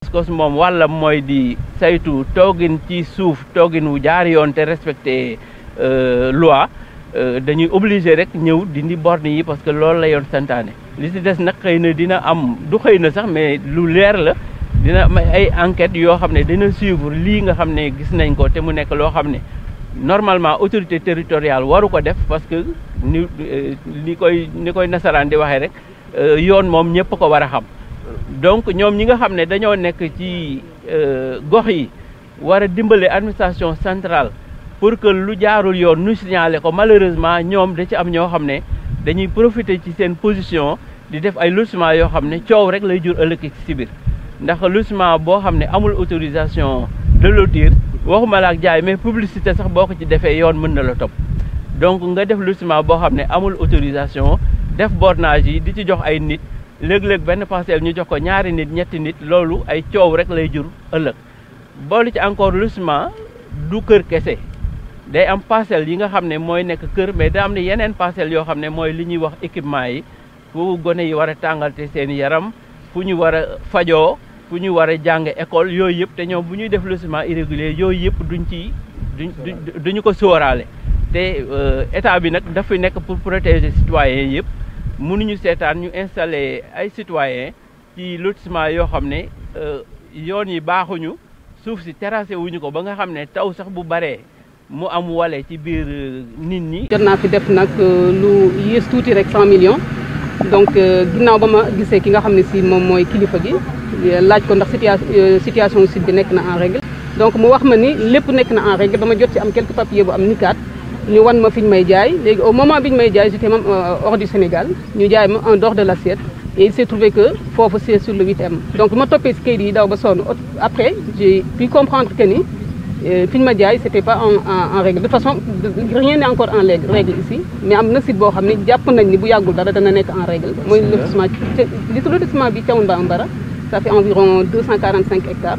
Descos moom wàllam mooy di saytu toogin ci suuf toogin wu jaar yoon te respecté euh, loi euh, dañuy obligé rek ñëw dindi borne yi parce que loolu la yoon santaane. li ci des nag xëy na dina am du xëy na sax mais lu leer la dina may ay enquêtes yoo xam ne dina suivre lii nga xam ne gis nañ ko te mu nekk loo xam ne normalement autorité territoriale waru ko def parce que ni euh, ni koy ni koy nasaraan di waxee rek. Euh, yoon moom ñëpp ko war a xam donc ñoom ñi nga xam ne dañoo nekk ci euh, gox yi war a dimbale administration central pour que lu jaarul yoon nu signalé ko malheureusement ñoom da ci am ñoo xam ne dañuy profiter ci seen position di def ay lotissement yoo xam ne coow rek lay jur ëllëg ci biir ndax lotissement boo xam ne amul autorisation de lotir waxuma la ak jaay mais publicité sax boo ko ci defee yoon mën na la topp donc nga def lu lotissement boo xam ne amul autorisation def bornage yi di ci jox ay nit léeg-léeg benn parcelle ñu jox ko ñaari nit ñetti nit loolu ay coow rek lay jur ëllëg boolu ci encore lotissement du kër kese day am parcelle yi nga xam ne mooy nekk kër mais da am ne yeneen parcelles yoo xam ne mooy li ñuy wax équipement yi fu gone yi war a tàngalte seen yaram fu ñu war a fajoo fu ñu war a jàng école yooyu yëpp te ñoom bu ñuy def lotissement irrégulier yooyu yëpp duñ ci duñ duñu ko sóoraale te euh, état bi nag daf fi nekk pour protéger citoyens yëpp mënuñu seetaan ñu installé ay citoyens ci lotissement yoo xam ne euh, yoon yi baaxuñu suuf si terrassé wuñu ko ba nga xamné taw sax bu baree mu am walé ci biir euh, nit ñi. jot naa fi def nak euh, lu yes tuuti rek 100 millions donc ginnaaw bama gissé ki nga xamné si mom moy kilifa gi laaj ko ndax situation sud bi nek na en règle. donc mu wax ma ni lepp nek na en règle dama jot ci am quelques papiers bu am nikat wan ma au moment où j'étais euh, hors du Sénégal en dehors de l'assiette et il s'est trouvé que faut c'est sur le 8 donc après j'ai pu comprendre que ni euh, fiñ pas en règle de toute façon rien n'est encore en règle ici mais am na site en règle ça fait environ 245 hectares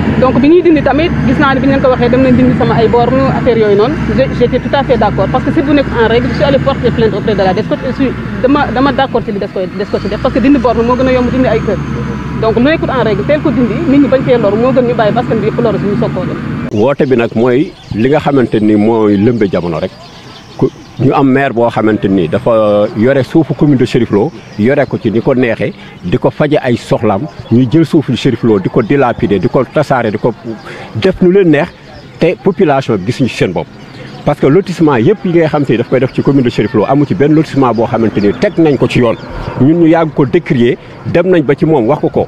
donc bi ñuy dindi tamit gis naa ne bi ñu leen ko waxee dem nañ dindi sama ay bor bornes affaire yooyu noonu j' étais tout à fait d' accord parce que si bu nekk en règle je suis allé porter plainte auprès de la DSCOS je suis dama dama d' accord ci li des koy des ko ci def parce que dindi bor moo gën a yomb dindi ay kër donc lu nekkul en règle teel ko dindi nit ñi bañ cee lor moo gën ñu bàyyi baskan bi yëpp lor suñu soog dem def woote bi nag mooy li nga xamante ni mooy lëmbe jamono rek ñu am maire boo xamante ni dafa yore suufu commune de Cheriflo en yore ko ci ni ko neexee di ko ay soxlaam ñu jël suufu de Cheriflo di dilapider di ko tasaare def nu leen population seen parce que lotissement yëpp yi ngay xam te daf koy commune de Cheriflo amu ci benn lotissement boo xamante ni Nous nañ ko ci yoon ñun ñu yàgg ko décrier dem nañ ba ci moom wax ko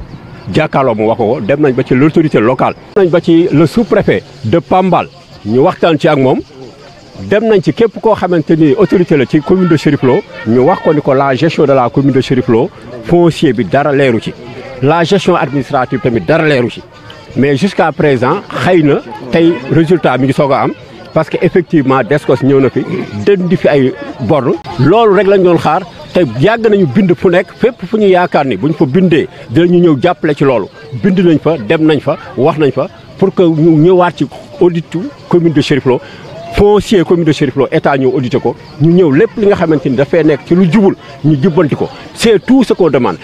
locale. nañ ba ci le sous-préfet de Pambal ñu waxtaan ci ak dem nañ ci képp koo xamante ni autorité la ci commune de Cheriflo, Lo ñu wax ko ni ko la gestion de la commune de Cheriflo foncier bi dara leeru ci la gestion administrative tamit dara leeru ci mais jusqu'à présent xëy na tey résultat mi ngi soog a am parce que effectivement Descos ñëw na fi dëndi fi ay borne loolu rek lañ doon xaar te yàgg nañu bind fu nekk fépp fu ñu yaakaar ni bu ñu fa bindee dinañu ñëw jàppale ci loolu bind nañ fa dem nañ fa wax nañ fa pour que ñu ñëwaat ci auditu commune de Cheriflo. foncier commune de Chérif Lo état ñëw audité ko ñu ñëw lépp li nga xamante ni dafay nekk ci lu jubul ñu jubbanti ko c'est tout ce qu'on demande